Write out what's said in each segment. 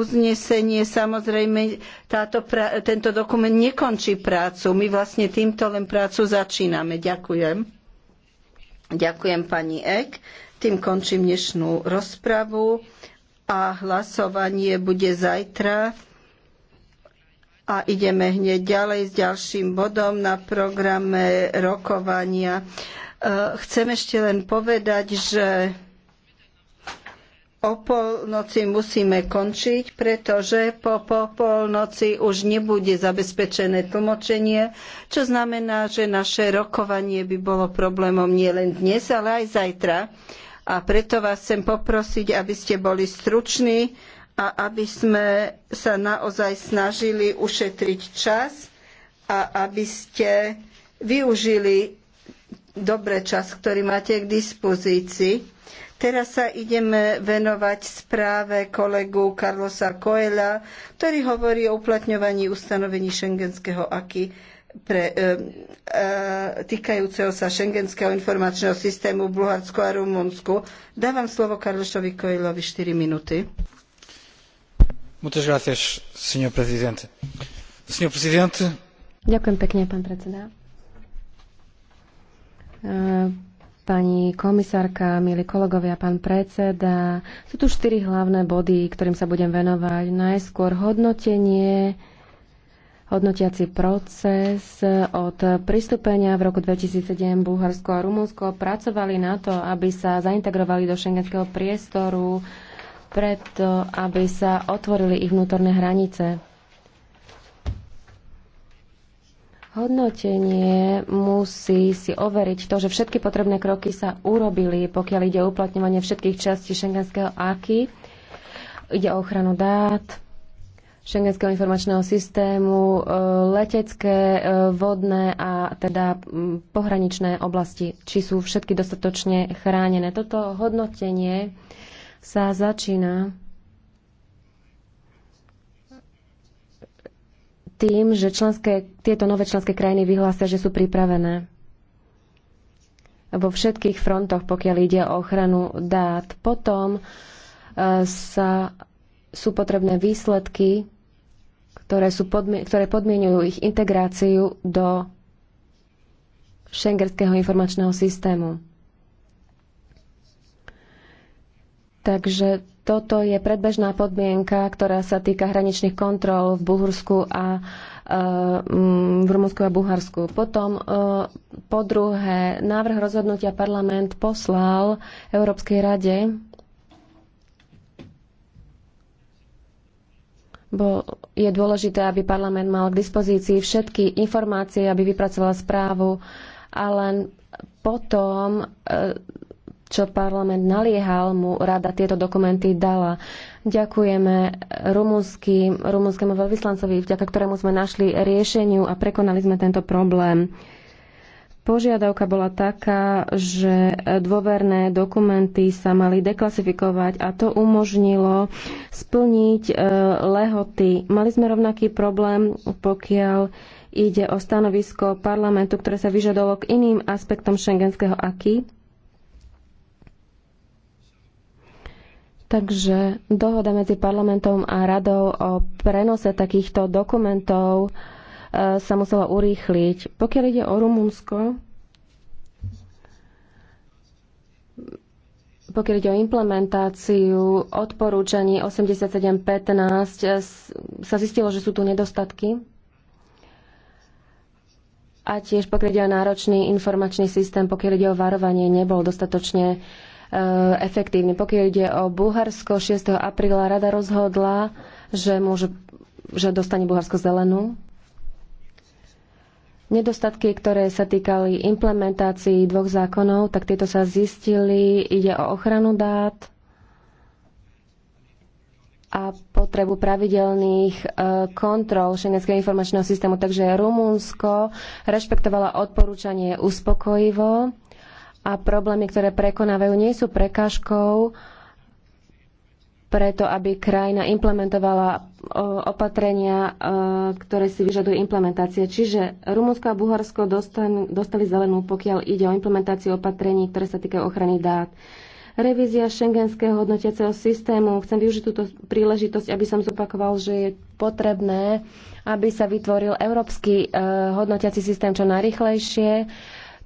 uznesenie, samozrejme táto, tento dokument nekončí prácu. My vlastne týmto len prácu začíname. Ďakujem. Ďakujem pani Ek. Tým končím dnešnú rozpravu a hlasovanie bude zajtra. A ideme hneď ďalej s ďalším bodom na programe rokovania. E, chcem ešte len povedať, že o polnoci musíme končiť, pretože po, po polnoci už nebude zabezpečené tlmočenie, čo znamená, že naše rokovanie by bolo problémom nielen dnes, ale aj zajtra. A preto vás chcem poprosiť, aby ste boli struční a aby sme sa naozaj snažili ušetriť čas a aby ste využili dobre čas, ktorý máte k dispozícii. Teraz sa ideme venovať správe kolegu Carlosa Coela, ktorý hovorí o uplatňovaní ustanovení šengenského aky pre, e, e, týkajúceho sa šengenského informačného systému v Bulharsku a Rumunsku. Dávam slovo Karlošovi Koilovi 4 minúty. Muchas gracias, señor presidente. Señor presidente. Ďakujem pekne, pán predseda. E, pani komisárka, milí kolegovia, pán predseda, sú tu štyri hlavné body, ktorým sa budem venovať. Najskôr hodnotenie, hodnotiaci proces od pristúpenia v roku 2007 Bulharsko a Rumunsko pracovali na to, aby sa zaintegrovali do šengenského priestoru, preto aby sa otvorili ich vnútorné hranice. Hodnotenie musí si overiť to, že všetky potrebné kroky sa urobili, pokiaľ ide o uplatňovanie všetkých častí šengenského AKI. Ide o ochranu dát, šengenského informačného systému, e, letecké, e, vodné a teda pohraničné oblasti, či sú všetky dostatočne chránené. Toto hodnotenie sa začína tým, že členské, tieto nové členské krajiny vyhlásia, že sú pripravené vo všetkých frontoch, pokiaľ ide o ochranu dát. Potom e, sa, sú potrebné výsledky, ktoré, sú podmi- ktoré podmienujú ich integráciu do šengerského informačného systému. Takže toto je predbežná podmienka, ktorá sa týka hraničných kontrol v Bulharsku a e, mm, v Rumunsku a Bulharsku. Potom e, po druhé, návrh rozhodnutia parlament poslal Európskej rade bo je dôležité, aby parlament mal k dispozícii všetky informácie, aby vypracoval správu a len potom e, čo parlament naliehal, mu rada tieto dokumenty dala. Ďakujeme rumunským, rumunskému veľvyslancovi, vďaka ktorému sme našli riešeniu a prekonali sme tento problém. Požiadavka bola taká, že dôverné dokumenty sa mali deklasifikovať a to umožnilo splniť e, lehoty. Mali sme rovnaký problém, pokiaľ ide o stanovisko parlamentu, ktoré sa vyžadovalo k iným aspektom šengenského aky Takže dohoda medzi parlamentom a radou o prenose takýchto dokumentov e, sa musela urýchliť. Pokiaľ ide o Rumunsko, pokiaľ ide o implementáciu odporúčaní 87.15, e, sa zistilo, že sú tu nedostatky. A tiež pokiaľ ide o náročný informačný systém, pokiaľ ide o varovanie, nebol dostatočne uh, Eh, efektívny. Pokiaľ ide o Bulharsko, 6. apríla rada rozhodla, že, môže, že dostane Bulharsko zelenú. Nedostatky, ktoré sa týkali implementácií dvoch zákonov, tak tieto sa zistili. Ide o ochranu dát a potrebu pravidelných eh, kontrol šengenského informačného systému. Takže Rumunsko rešpektovalo odporúčanie uspokojivo a problémy, ktoré prekonávajú, nie sú prekážkou preto, aby krajina implementovala opatrenia, ktoré si vyžaduje implementácia. Čiže Rumunsko a Bulharsko dostali zelenú, pokiaľ ide o implementáciu opatrení, ktoré sa týkajú ochrany dát. Revízia šengenského hodnotiaceho systému. Chcem využiť túto príležitosť, aby som zopakoval, že je potrebné, aby sa vytvoril európsky e, hodnotiaci systém čo najrychlejšie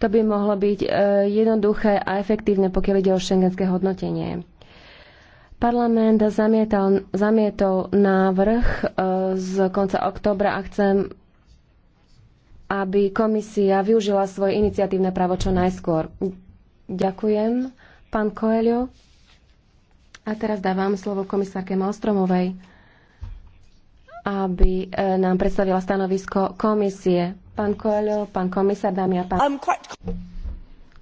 to by mohlo byť e, jednoduché a efektívne, pokiaľ ide o šengenské hodnotenie. Parlament zamietal, zamietol návrh e, z konca oktobra a chcem, aby komisia využila svoje iniciatívne právo čo najskôr. Ďakujem, pán Koelio. A teraz dávam slovo komisárke Malstromovej aby e, nám predstavila stanovisko komisie. Pán Koelo, pán komisár, dámy a pán...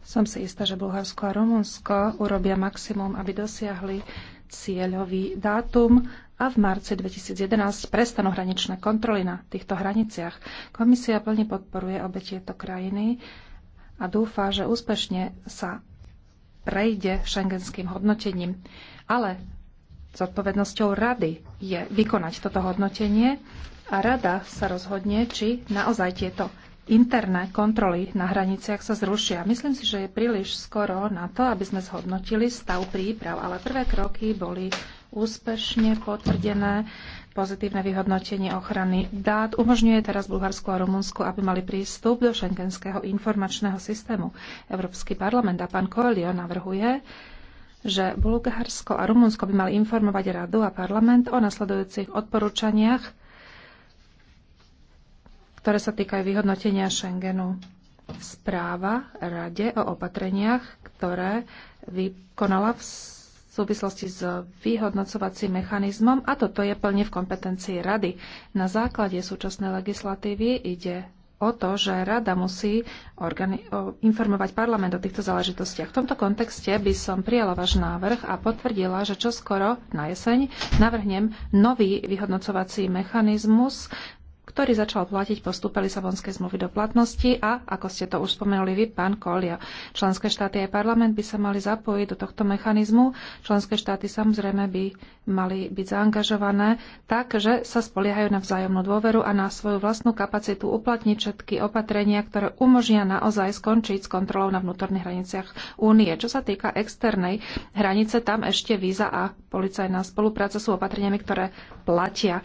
Som si istá, že Bulharsko a Rumunsko urobia maximum, aby dosiahli cieľový dátum a v marci 2011 prestanú hraničné kontroly na týchto hraniciach. Komisia plne podporuje obe tieto krajiny a dúfa, že úspešne sa prejde šengenským hodnotením. Ale zodpovednosťou rady je vykonať toto hodnotenie a rada sa rozhodne, či naozaj tieto interné kontroly na hraniciach sa zrušia. Myslím si, že je príliš skoro na to, aby sme zhodnotili stav príprav, ale prvé kroky boli úspešne potvrdené. Pozitívne vyhodnotenie ochrany dát umožňuje teraz Bulharsku a Rumunsku, aby mali prístup do šengenského informačného systému. Európsky parlament a pán Koelio navrhuje, že Bulgarsko a Rumunsko by mali informovať Radu a parlament o nasledujúcich odporúčaniach, ktoré sa týkajú vyhodnotenia Schengenu. Správa Rade o opatreniach, ktoré vykonala v súvislosti s vyhodnocovacím mechanizmom a toto je plne v kompetencii Rady. Na základe súčasnej legislatívy ide o to, že rada musí informovať parlament o týchto záležitostiach. V tomto kontexte by som prijala váš návrh a potvrdila, že čoskoro na jeseň navrhnem nový vyhodnocovací mechanizmus ktorý začal platiť po vstupe Lisabonskej zmluvy do platnosti a, ako ste to už spomenuli vy, pán Kolia. Členské štáty aj parlament by sa mali zapojiť do tohto mechanizmu. Členské štáty samozrejme by mali byť zaangažované tak, že sa spoliehajú na vzájomnú dôveru a na svoju vlastnú kapacitu uplatniť všetky opatrenia, ktoré umožnia naozaj skončiť s kontrolou na vnútorných hraniciach únie. Čo sa týka externej hranice, tam ešte víza a policajná spolupráca sú opatreniami, ktoré platia.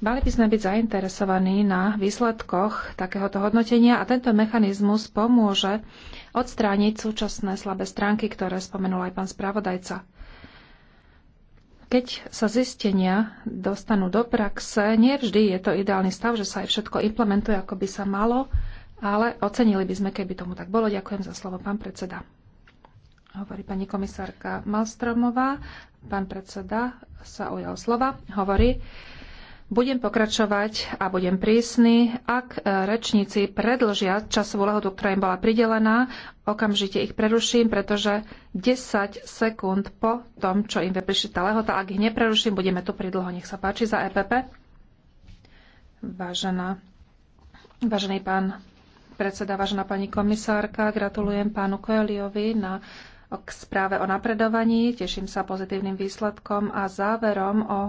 Mali by sme byť zainteresovaní na výsledkoch takéhoto hodnotenia a tento mechanizmus pomôže odstrániť súčasné slabé stránky, ktoré spomenul aj pán spravodajca. Keď sa zistenia dostanú do praxe, nie vždy je to ideálny stav, že sa aj všetko implementuje, ako by sa malo, ale ocenili by sme, keby tomu tak bolo. Ďakujem za slovo, pán predseda. Hovorí pani komisárka Malstromová. Pán predseda sa ujal slova. Hovorí, budem pokračovať a budem prísny, ak e, rečníci predlžia časovú lehotu, ktorá im bola pridelená, okamžite ich preruším, pretože 10 sekúnd po tom, čo im vyprší tá lehota, ak ich nepreruším, budeme tu pridlho. Nech sa páči za EPP. Vážená, vážený pán predseda, vážená pani komisárka, gratulujem pánu Koeliovi na k správe o napredovaní. Teším sa pozitívnym výsledkom a záverom o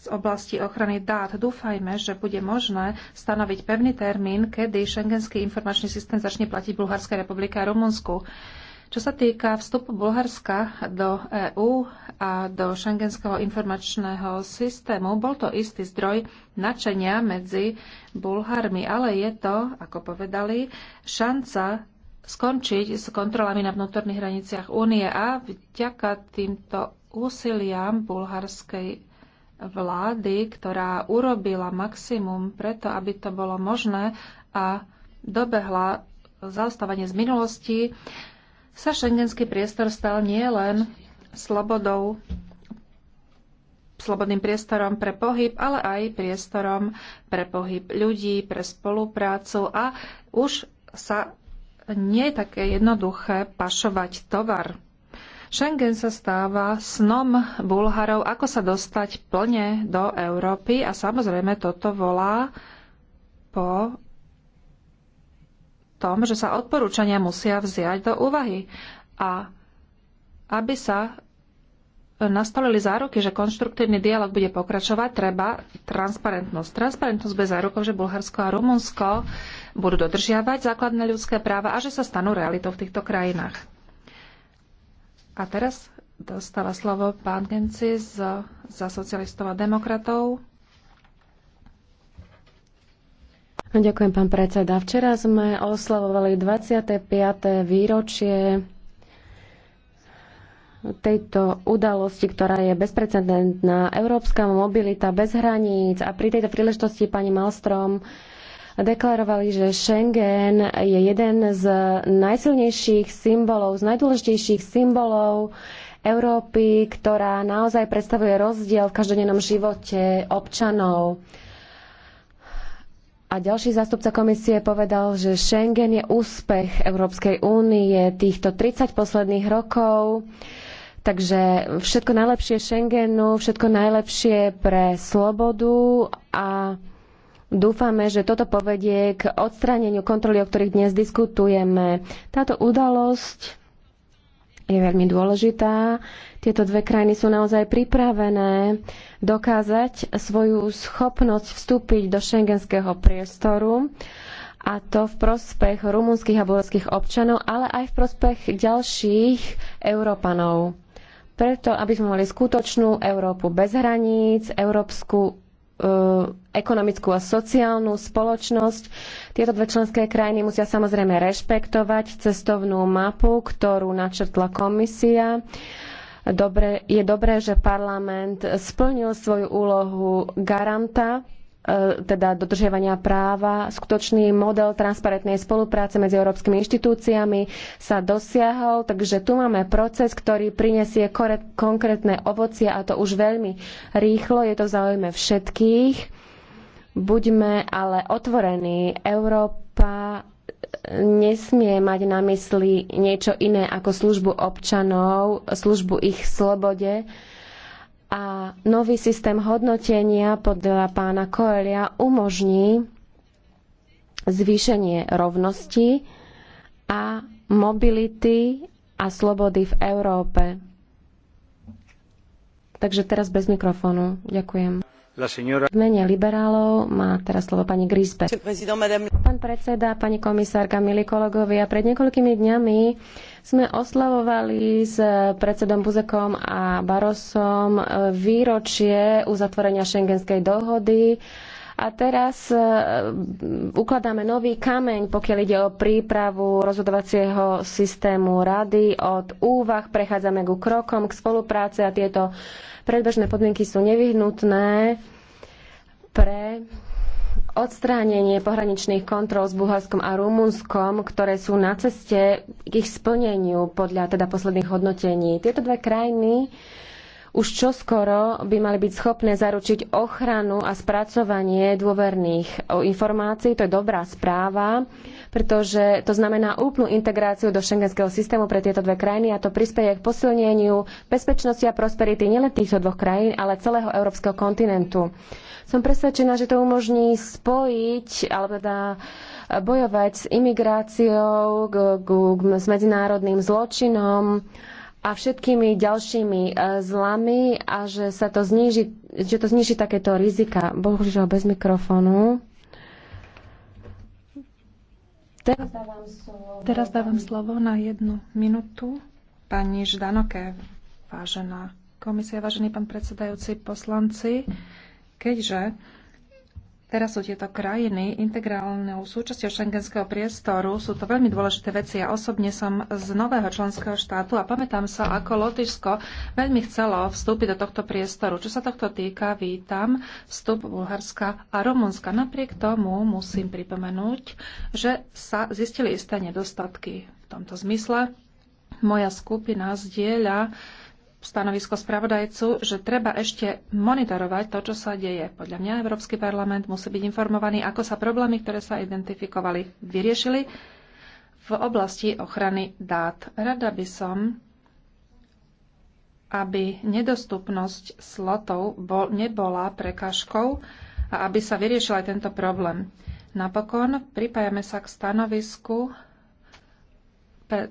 z oblasti ochrany dát. Dúfajme, že bude možné stanoviť pevný termín, kedy šengenský informačný systém začne platiť Bulharskej republike a Rumunsku. Čo sa týka vstupu Bulharska do EÚ a do šengenského informačného systému, bol to istý zdroj načenia medzi Bulharmi, ale je to, ako povedali, šanca skončiť s kontrolami na vnútorných hraniciach únie a vďaka týmto úsiliam bulharskej vlády, ktorá urobila maximum preto, aby to bolo možné a dobehla zaostávanie z minulosti, sa šengenský priestor stal nielen slobodou, slobodným priestorom pre pohyb, ale aj priestorom pre pohyb ľudí, pre spoluprácu a už sa nie je také jednoduché pašovať tovar Schengen sa stáva snom Bulharov, ako sa dostať plne do Európy a samozrejme toto volá po tom, že sa odporúčania musia vziať do úvahy a aby sa nastolili záruky, že konštruktívny dialog bude pokračovať, treba transparentnosť. Transparentnosť bez zárukov, že Bulharsko a Rumunsko budú dodržiavať základné ľudské práva a že sa stanú realitou v týchto krajinách. A teraz dostáva slovo pán Genci za, za socialistov a demokratov. Ďakujem, pán predseda. Včera sme oslavovali 25. výročie tejto udalosti, ktorá je bezprecedentná. Európska mobilita bez hraníc a pri tejto príležitosti pani Malstrom deklarovali, že Schengen je jeden z najsilnejších symbolov, z najdôležitejších symbolov Európy, ktorá naozaj predstavuje rozdiel v každodennom živote občanov. A ďalší zástupca komisie povedal, že Schengen je úspech Európskej únie týchto 30 posledných rokov. Takže všetko najlepšie Schengenu, všetko najlepšie pre slobodu a Dúfame, že toto povedie k odstráneniu kontroly, o ktorých dnes diskutujeme. Táto udalosť je veľmi dôležitá. Tieto dve krajiny sú naozaj pripravené dokázať svoju schopnosť vstúpiť do šengenského priestoru a to v prospech rumunských a bulharských občanov, ale aj v prospech ďalších Európanov. Preto, aby sme mali skutočnú Európu bez hraníc, Európsku Eh, ekonomickú a sociálnu spoločnosť. Tieto dve členské krajiny musia samozrejme rešpektovať cestovnú mapu, ktorú načrtla komisia. Dobre, je dobré, že parlament splnil svoju úlohu garanta E, teda dodržiavania práva, skutočný model transparentnej spolupráce medzi európskymi inštitúciami sa dosiahol, takže tu máme proces, ktorý prinesie konkrétne ovocie a to už veľmi rýchlo, je to v záujme všetkých. Buďme ale otvorení. Európa nesmie mať na mysli niečo iné ako službu občanov, službu ich slobode, a nový systém hodnotenia podľa pána Koelia umožní zvýšenie rovnosti a mobility a slobody v Európe. Takže teraz bez mikrofónu. Ďakujem. Señora... V mene liberálov má teraz slovo pani Grisbe. Pán predseda, pani komisárka, milí kolegovia, pred niekoľkými dňami sme oslavovali s predsedom Buzekom a Barosom e, výročie uzatvorenia šengenskej dohody. A teraz e, ukladáme nový kameň, pokiaľ ide o prípravu rozhodovacieho systému rady. Od úvah prechádzame ku krokom, k spolupráci a tieto predbežné podmienky sú nevyhnutné pre odstránenie pohraničných kontrol s Bulharskom a Rumunskom, ktoré sú na ceste k ich splneniu podľa teda posledných hodnotení. Tieto dve krajiny uh, už čoskoro by mali byť schopné zaručiť ochranu a spracovanie dôverných informácií. To je dobrá správa, pretože to znamená úplnú integráciu do šengenského systému pre tieto dve krajiny a to prispieje k posilneniu bezpečnosti a prosperity nielen týchto dvoch krajín, ale celého európskeho kontinentu. Som presvedčená, že to umožní spojiť alebo teda bojovať s imigráciou, k, k, k, s medzinárodným zločinom, a všetkými ďalšími e, zlami a že sa to zníži, že to zniží takéto rizika. Bohužiaľ bez mikrofónu. Teraz dávam slovo, Teraz dávam slovo na jednu minútu pani Ždanoke, vážená komisia, vážený pán predsedajúci, poslanci. Keďže Teraz sú tieto krajiny integrálnou súčasťou šengenského priestoru. Sú to veľmi dôležité veci. Ja osobne som z nového členského štátu a pamätám sa, ako Lotyšsko veľmi chcelo vstúpiť do tohto priestoru. Čo sa tohto týka, vítam vstup Bulharska a Rumunska. Napriek tomu musím pripomenúť, že sa zistili isté nedostatky v tomto zmysle. Moja skupina zdieľa stanovisko spravodajcu, že treba ešte monitorovať to, čo sa deje. Podľa mňa Európsky parlament musí byť informovaný, ako sa problémy, ktoré sa identifikovali, vyriešili v oblasti ochrany dát. Rada by som, aby nedostupnosť slotov bol, nebola prekážkou a aby sa vyriešil aj tento problém. Napokon pripájame sa k stanovisku pre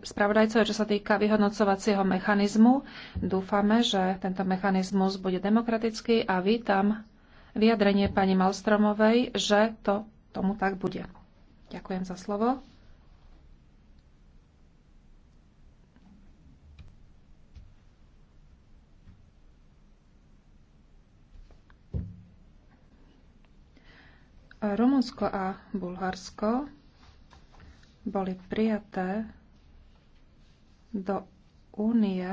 čo sa týka vyhodnocovacieho mechanizmu. Dúfame, že tento mechanizmus bude demokratický a vítam vyjadrenie pani Malstromovej, že to tomu tak bude. Ďakujem za slovo. Rumunsko a Bulharsko boli prijaté do únie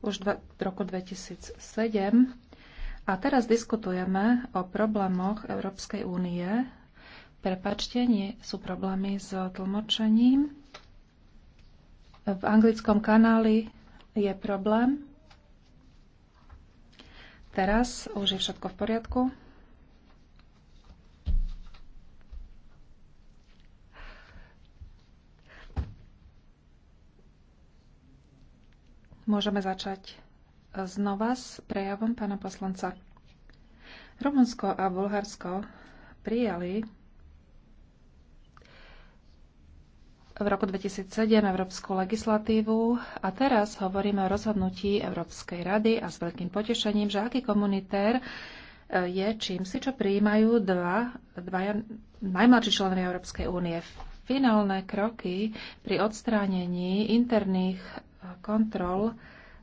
už v roku 2007 a teraz diskutujeme o problémoch Európskej únie. Prepačte, nie sú problémy s tlmočením. V anglickom kanáli je problém. Teraz už je všetko v poriadku. Môžeme začať e, znova s prejavom pána poslanca. Rumunsko a Bulharsko prijali v roku 2007 európsku legislatívu a teraz hovoríme o rozhodnutí Európskej rady a s veľkým potešením, že aký komunitér e, je čím si, čo prijímajú dva, dva najmladší členovia Európskej únie. Finálne kroky pri odstránení interných kontrol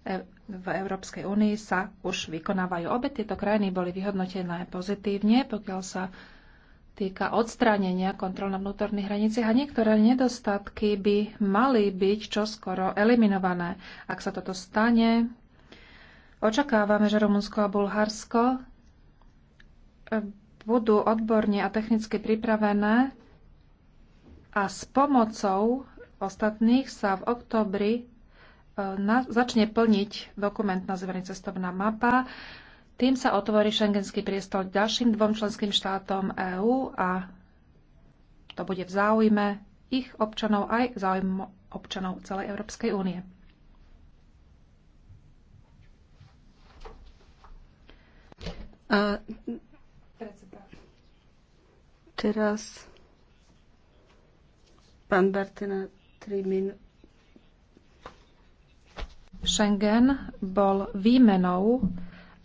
e, v Európskej únii sa už vykonávajú. Obe tieto krajiny boli vyhodnotené pozitívne, pokiaľ sa týka odstránenia kontrol na vnútorných hraniciach a niektoré nedostatky by mali byť čoskoro eliminované. Ak sa toto stane, očakávame, že Rumunsko a Bulharsko e, budú odborne a technicky pripravené a s pomocou ostatných sa v oktobri na, začne plniť dokument nazvaný cestovná mapa. Tým sa otvorí šengenský priestor ďalším dvom členským štátom EÚ a to bude v záujme ich občanov aj záujmu občanov celej Európskej únie. A teraz pán Bartina 3 minúty Schengen bol výmenou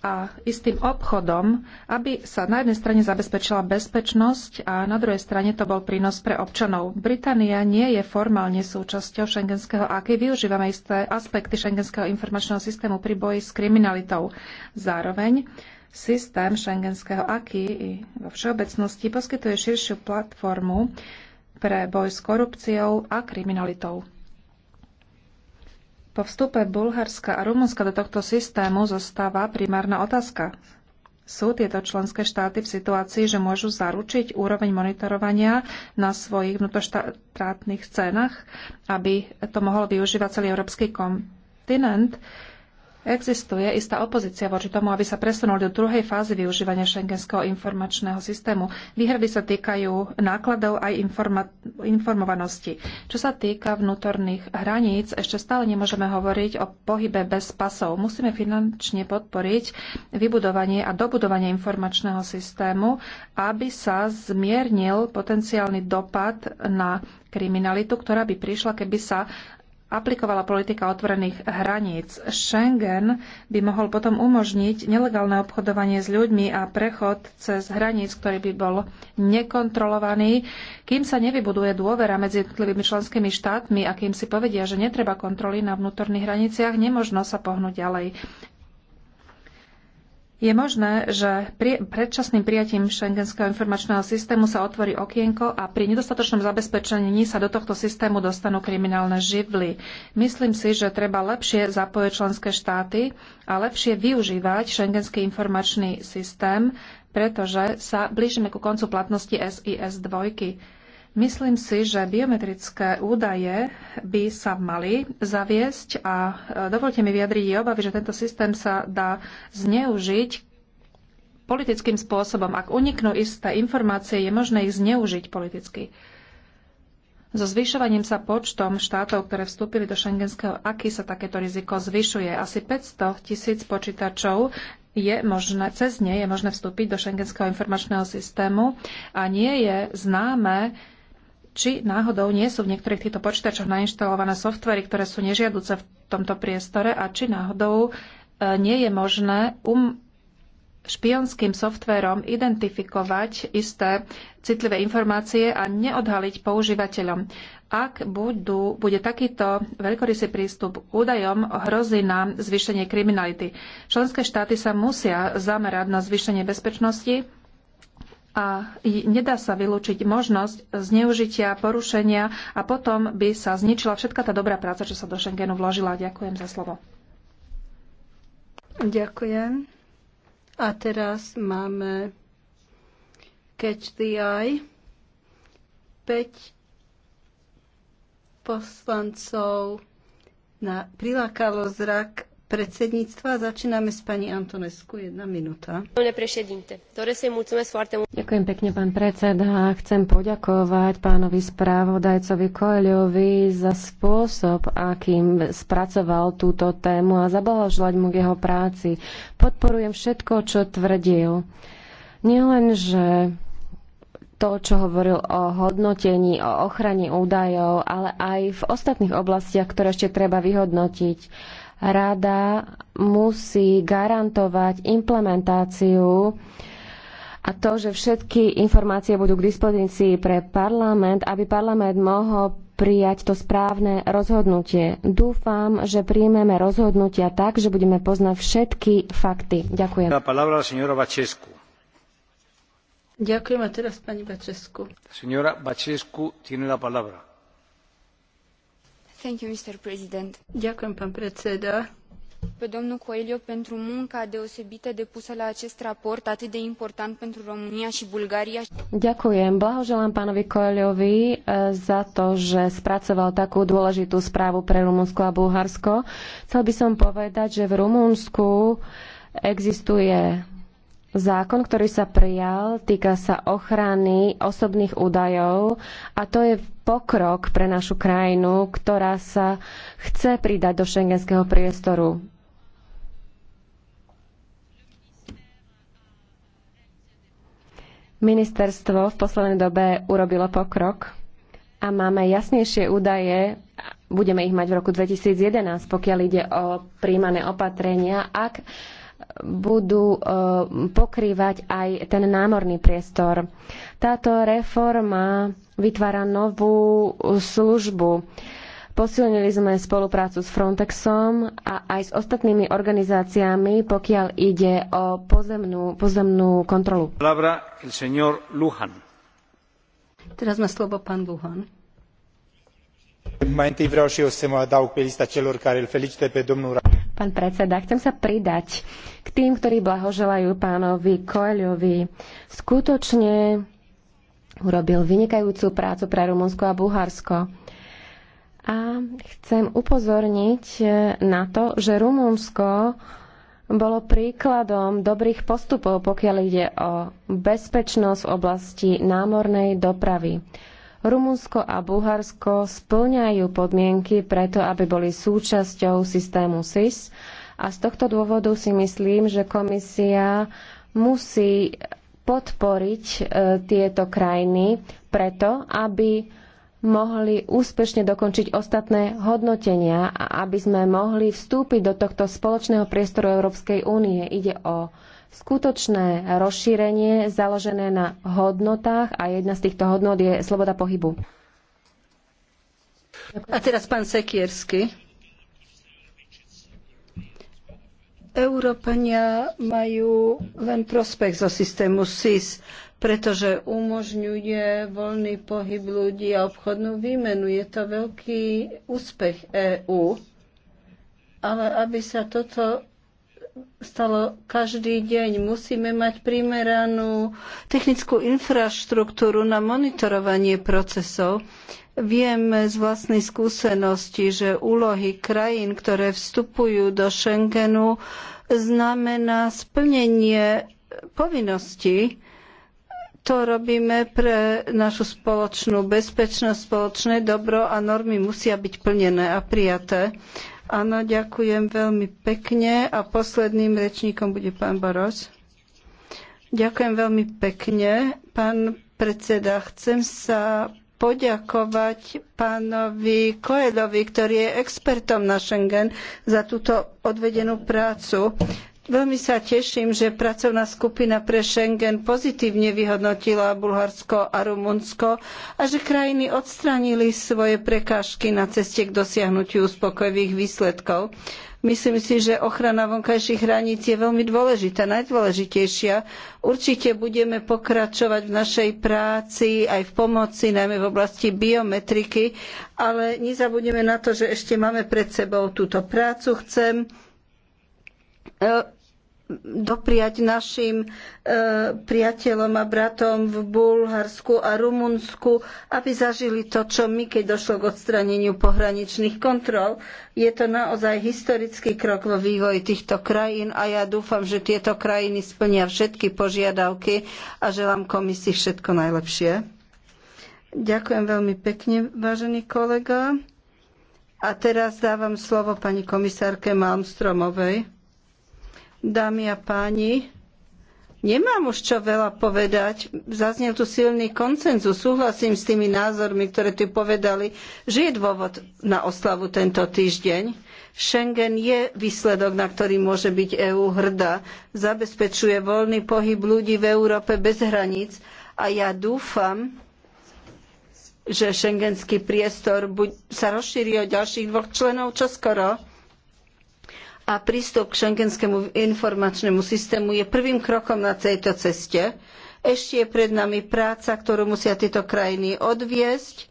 a istým obchodom, aby sa na jednej strane zabezpečila bezpečnosť a na druhej strane to bol prínos pre občanov. Británia nie je formálne súčasťou šengenského aky. Využívame isté aspekty šengenského informačného systému pri boji s kriminalitou. Zároveň systém šengenského aky i vo všeobecnosti poskytuje širšiu platformu pre boj s korupciou a kriminalitou. Po vstupe Bulharska a Rumunska do tohto systému zostáva primárna otázka. Sú tieto členské štáty v situácii, že môžu zaručiť úroveň monitorovania na svojich vnútoštátnych cenách, aby to mohol využívať celý európsky kontinent? Existuje istá opozícia voči tomu, aby sa presunuli do druhej fázy využívania šengenského informačného systému. Výhrady sa týkajú nákladov aj informa- informovanosti. Čo sa týka vnútorných hraníc, ešte stále nemôžeme hovoriť o pohybe bez pasov. Musíme finančne podporiť vybudovanie a dobudovanie informačného systému, aby sa zmiernil potenciálny dopad na kriminalitu, ktorá by prišla, keby sa aplikovala politika otvorených hraníc. Schengen by mohol potom umožniť nelegálne obchodovanie s ľuďmi a prechod cez hraníc, ktorý by bol nekontrolovaný, kým sa nevybuduje dôvera medzi jednotlivými členskými štátmi a kým si povedia, že netreba kontroly na vnútorných hraniciach, nemožno sa pohnúť ďalej. Je možné, že pri, predčasným prijatím šengenského informačného systému sa otvorí okienko a pri nedostatočnom zabezpečení sa do tohto systému dostanú kriminálne živly. Myslím si, že treba lepšie zapojiť členské štáty a lepšie využívať šengenský informačný systém, pretože sa blížime ku koncu platnosti SIS 2. Myslím si, že biometrické údaje by sa mali zaviesť a e, dovolte mi vyjadriť obavy, že tento systém sa dá zneužiť politickým spôsobom. Ak uniknú isté informácie, je možné ich zneužiť politicky. So zvyšovaním sa počtom štátov, ktoré vstúpili do šengenského aký sa takéto riziko zvyšuje. Asi 500 tisíc počítačov je možné, cez ne je možné vstúpiť do šengenského informačného systému a nie je známe, či náhodou nie sú v niektorých týchto počítačoch nainštalované softvery, ktoré sú nežiaduce v tomto priestore a či náhodou e, nie je možné um špionským softverom identifikovať isté citlivé informácie a neodhaliť používateľom. Ak budú, bude takýto veľkorysý prístup údajom, hrozí nám zvýšenie kriminality. Členské štáty sa musia zamerať na zvýšenie bezpečnosti a nedá sa vylúčiť možnosť zneužitia, porušenia a potom by sa zničila všetka tá dobrá práca, čo sa do Schengenu vložila. Ďakujem za slovo. Ďakujem. A teraz máme Catch the Eye. 5 poslancov na, prilákalo zrak predsedníctva. Začíname s pani Antonescu. Jedna minúta. Domnule președinte, mulțumesc foarte mult Ďakujem pekne, pán predseda. Chcem poďakovať pánovi správodajcovi Koeliovi za spôsob, akým spracoval túto tému a zabalažovať mu k jeho práci. Podporujem všetko, čo tvrdil. Nielen, že to, čo hovoril o hodnotení, o ochrane údajov, ale aj v ostatných oblastiach, ktoré ešte treba vyhodnotiť. Rada musí garantovať implementáciu a to, že všetky informácie budú k dispozícii pre parlament, aby parlament mohol prijať to správne rozhodnutie. Dúfam, že príjmeme rozhodnutia tak, že budeme poznať všetky fakty. Ďakujem. Ďakujem a teraz pani Bačesku. Signora Bačesku, tiene la palabra. Thank you, Mr. President. Ďakujem, pán predseda pe domnul coelho pentru munca deosebită depusă la acest raport atât de important pentru România i Bulgaria. Ďakujem. Blahoželám pánovi Coelhovi eh, za to, že spracoval takú dôležitú správu pre Rumunsko a Bulharsko. Chcel by som povedať, že v Rumunsku existuje zákon, ktorý sa prijal, týka sa ochrany osobných údajov a to je pokrok pre našu krajinu, ktorá sa chce pridať do šengenského priestoru. Ministerstvo v poslednej dobe urobilo pokrok a máme jasnejšie údaje, budeme ich mať v roku 2011, pokiaľ ide o príjmané opatrenia, ak budú e, pokrývať aj ten námorný priestor. Táto reforma vytvára novú službu Posilnili sme spoluprácu s Frontexom a aj s ostatnými organizáciami, pokiaľ ide o pozemnú, pozemnú kontrolu. el señor Teraz má slovo pán Luhan. Mai întâi vreau și eu să mă adaug pe lista celor care îl felicită pe domnul Pán predseda, chcem sa pridať k tým, ktorí blahoželajú pánovi Koeliovi. Skutočne urobil vynikajúcu prácu pre Rumunsko a Bulharsko a chcem upozorniť e, na to, že Rumunsko bolo príkladom dobrých postupov, pokiaľ ide o bezpečnosť v oblasti námornej dopravy. Rumunsko a Bulharsko splňajú podmienky preto, aby boli súčasťou systému SIS a z tohto dôvodu si myslím, že komisia musí podporiť e, tieto krajiny preto, aby mohli úspešne dokončiť ostatné hodnotenia a aby sme mohli vstúpiť do tohto spoločného priestoru Európskej únie. Ide o skutočné rozšírenie založené na hodnotách a jedna z týchto hodnot je sloboda pohybu. A teraz pán Sekiersky. Európania majú len prospech zo systému SIS pretože umožňuje voľný pohyb ľudí a obchodnú výmenu. Je to veľký úspech EÚ, ale aby sa toto stalo každý deň. Musíme mať primeranú technickú infraštruktúru na monitorovanie procesov. Vieme z vlastnej skúsenosti, že úlohy krajín, ktoré vstupujú do Schengenu, znamená splnenie povinností to robíme pre našu spoločnú bezpečnosť, spoločné dobro a normy musia byť plnené a prijaté. Áno, ďakujem veľmi pekne a posledným rečníkom bude pán Baros. Ďakujem veľmi pekne. Pán predseda, chcem sa poďakovať pánovi Koedovi, ktorý je expertom na Schengen, za túto odvedenú prácu. Veľmi sa teším, že pracovná skupina pre Schengen pozitívne vyhodnotila Bulharsko a Rumunsko a že krajiny odstránili svoje prekážky na ceste k dosiahnutiu uspokojivých výsledkov. Myslím si, že ochrana vonkajších hraníc je veľmi dôležitá, najdôležitejšia. Určite budeme pokračovať v našej práci aj v pomoci, najmä v oblasti biometriky, ale nezabudneme na to, že ešte máme pred sebou túto prácu. Chcem e, dopriať našim e, priateľom a bratom v Bulharsku a Rumunsku, aby zažili to, čo my, keď došlo k odstraneniu pohraničných kontrol. Je to naozaj historický krok vo vývoji týchto krajín a ja dúfam, že tieto krajiny splnia všetky požiadavky a želám komisii všetko najlepšie. Ďakujem veľmi pekne, vážený kolega. A teraz dávam slovo pani komisárke Malmstromovej. Dámy a páni, nemám už čo veľa povedať. Zaznel tu silný koncenzus. Súhlasím s tými názormi, ktoré tu povedali, že je dôvod na oslavu tento týždeň. Schengen je výsledok, na ktorý môže byť EÚ hrdá. Zabezpečuje voľný pohyb ľudí v Európe bez hraníc a ja dúfam, že schengenský priestor sa rozšíri o ďalších dvoch členov čoskoro. skoro a prístup k šengenskému informačnému systému je prvým krokom na tejto ceste. Ešte je pred nami práca, ktorú musia tieto krajiny odviesť,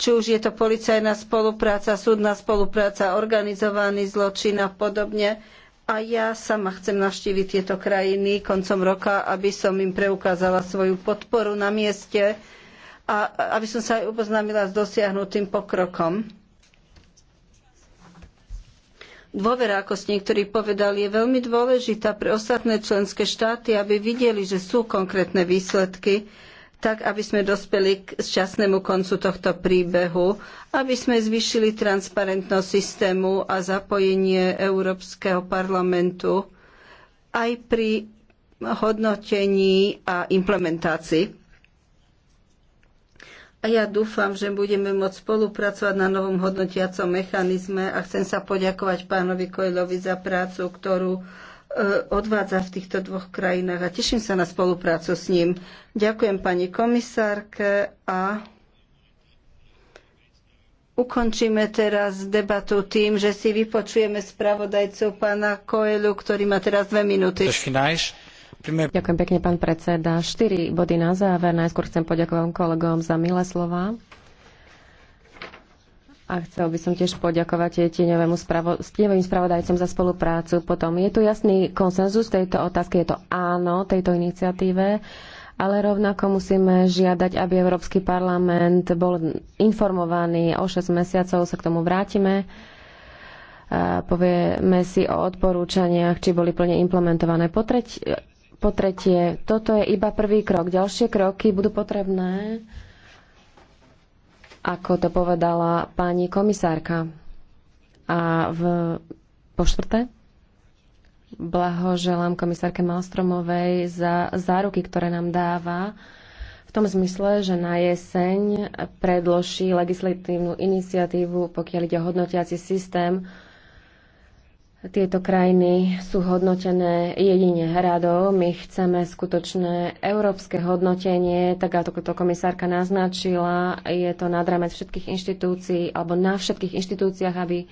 či už je to policajná spolupráca, súdna spolupráca, organizovaný zločin a podobne. A ja sama chcem navštíviť tieto krajiny koncom roka, aby som im preukázala svoju podporu na mieste a aby som sa aj oboznámila s dosiahnutým pokrokom Dôvera, ako ste niektorí povedali, je veľmi dôležitá pre ostatné členské štáty, aby videli, že sú konkrétne výsledky, tak aby sme dospeli k šťastnému koncu tohto príbehu, aby sme zvýšili transparentnosť systému a zapojenie Európskeho parlamentu aj pri hodnotení a implementácii. A ja dúfam, že budeme môcť spolupracovať na novom hodnotiacom mechanizme a chcem sa poďakovať pánovi Kojlovi za prácu, ktorú e, odvádza v týchto dvoch krajinách a teším sa na spoluprácu s ním. Ďakujem pani komisárke a ukončíme teraz debatu tým, že si vypočujeme spravodajcu pána Koelu, ktorý má teraz dve minúty. Ďakujem pekne, pán predseda. Štyri body na záver. Najskôr chcem poďakovať kolegom za milé slova. A chcel by som tiež poďakovať tieňovému spravo, spravodajcom za spoluprácu. Potom je tu jasný konsenzus tejto otázky, je to áno tejto iniciatíve, ale rovnako musíme žiadať, aby Európsky parlament bol informovaný. O 6 mesiacov sa k tomu vrátime. A povieme si o odporúčaniach, či boli plne implementované. Po treť, po tretie, toto je iba prvý krok. Ďalšie kroky budú potrebné, ako to povedala pani komisárka. A v, po štvrté, blahoželám komisárke Malstromovej za záruky, ktoré nám dáva v tom zmysle, že na jeseň predloží legislatívnu iniciatívu, pokiaľ ide o hodnotiaci systém tieto krajiny sú hodnotené jedine radou. My chceme skutočné európske hodnotenie, tak ako to komisárka naznačila, je to nad rámec všetkých inštitúcií alebo na všetkých inštitúciách, aby e,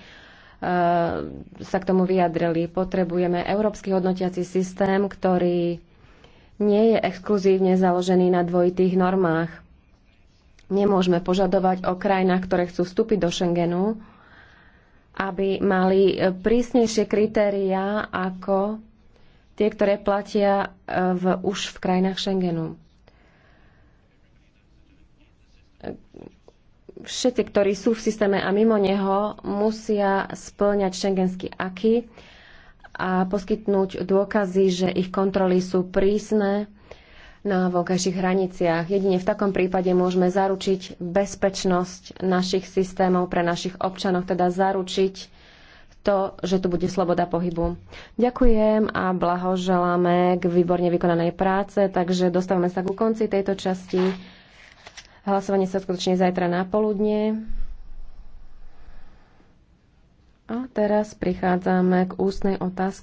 sa k tomu vyjadrili. Potrebujeme európsky hodnotiaci systém, ktorý nie je exkluzívne založený na dvojitých normách. Nemôžeme požadovať o krajinách, ktoré chcú vstúpiť do Schengenu, aby mali e, prísnejšie kritériá ako tie, ktoré platia e, v, už v krajinách Schengenu. Všetci, ktorí sú v systéme a mimo neho, musia splňať šengenský aky a poskytnúť dôkazy, že ich kontroly sú prísne na vonkajších hraniciach. Jedine v takom prípade môžeme zaručiť bezpečnosť našich systémov pre našich občanov, teda zaručiť to, že tu bude sloboda pohybu. Ďakujem a blahoželáme k výborne vykonanej práce, takže dostávame sa ku konci tejto časti. Hlasovanie sa skutočne zajtra na poludne. A teraz prichádzame k ústnej otázke.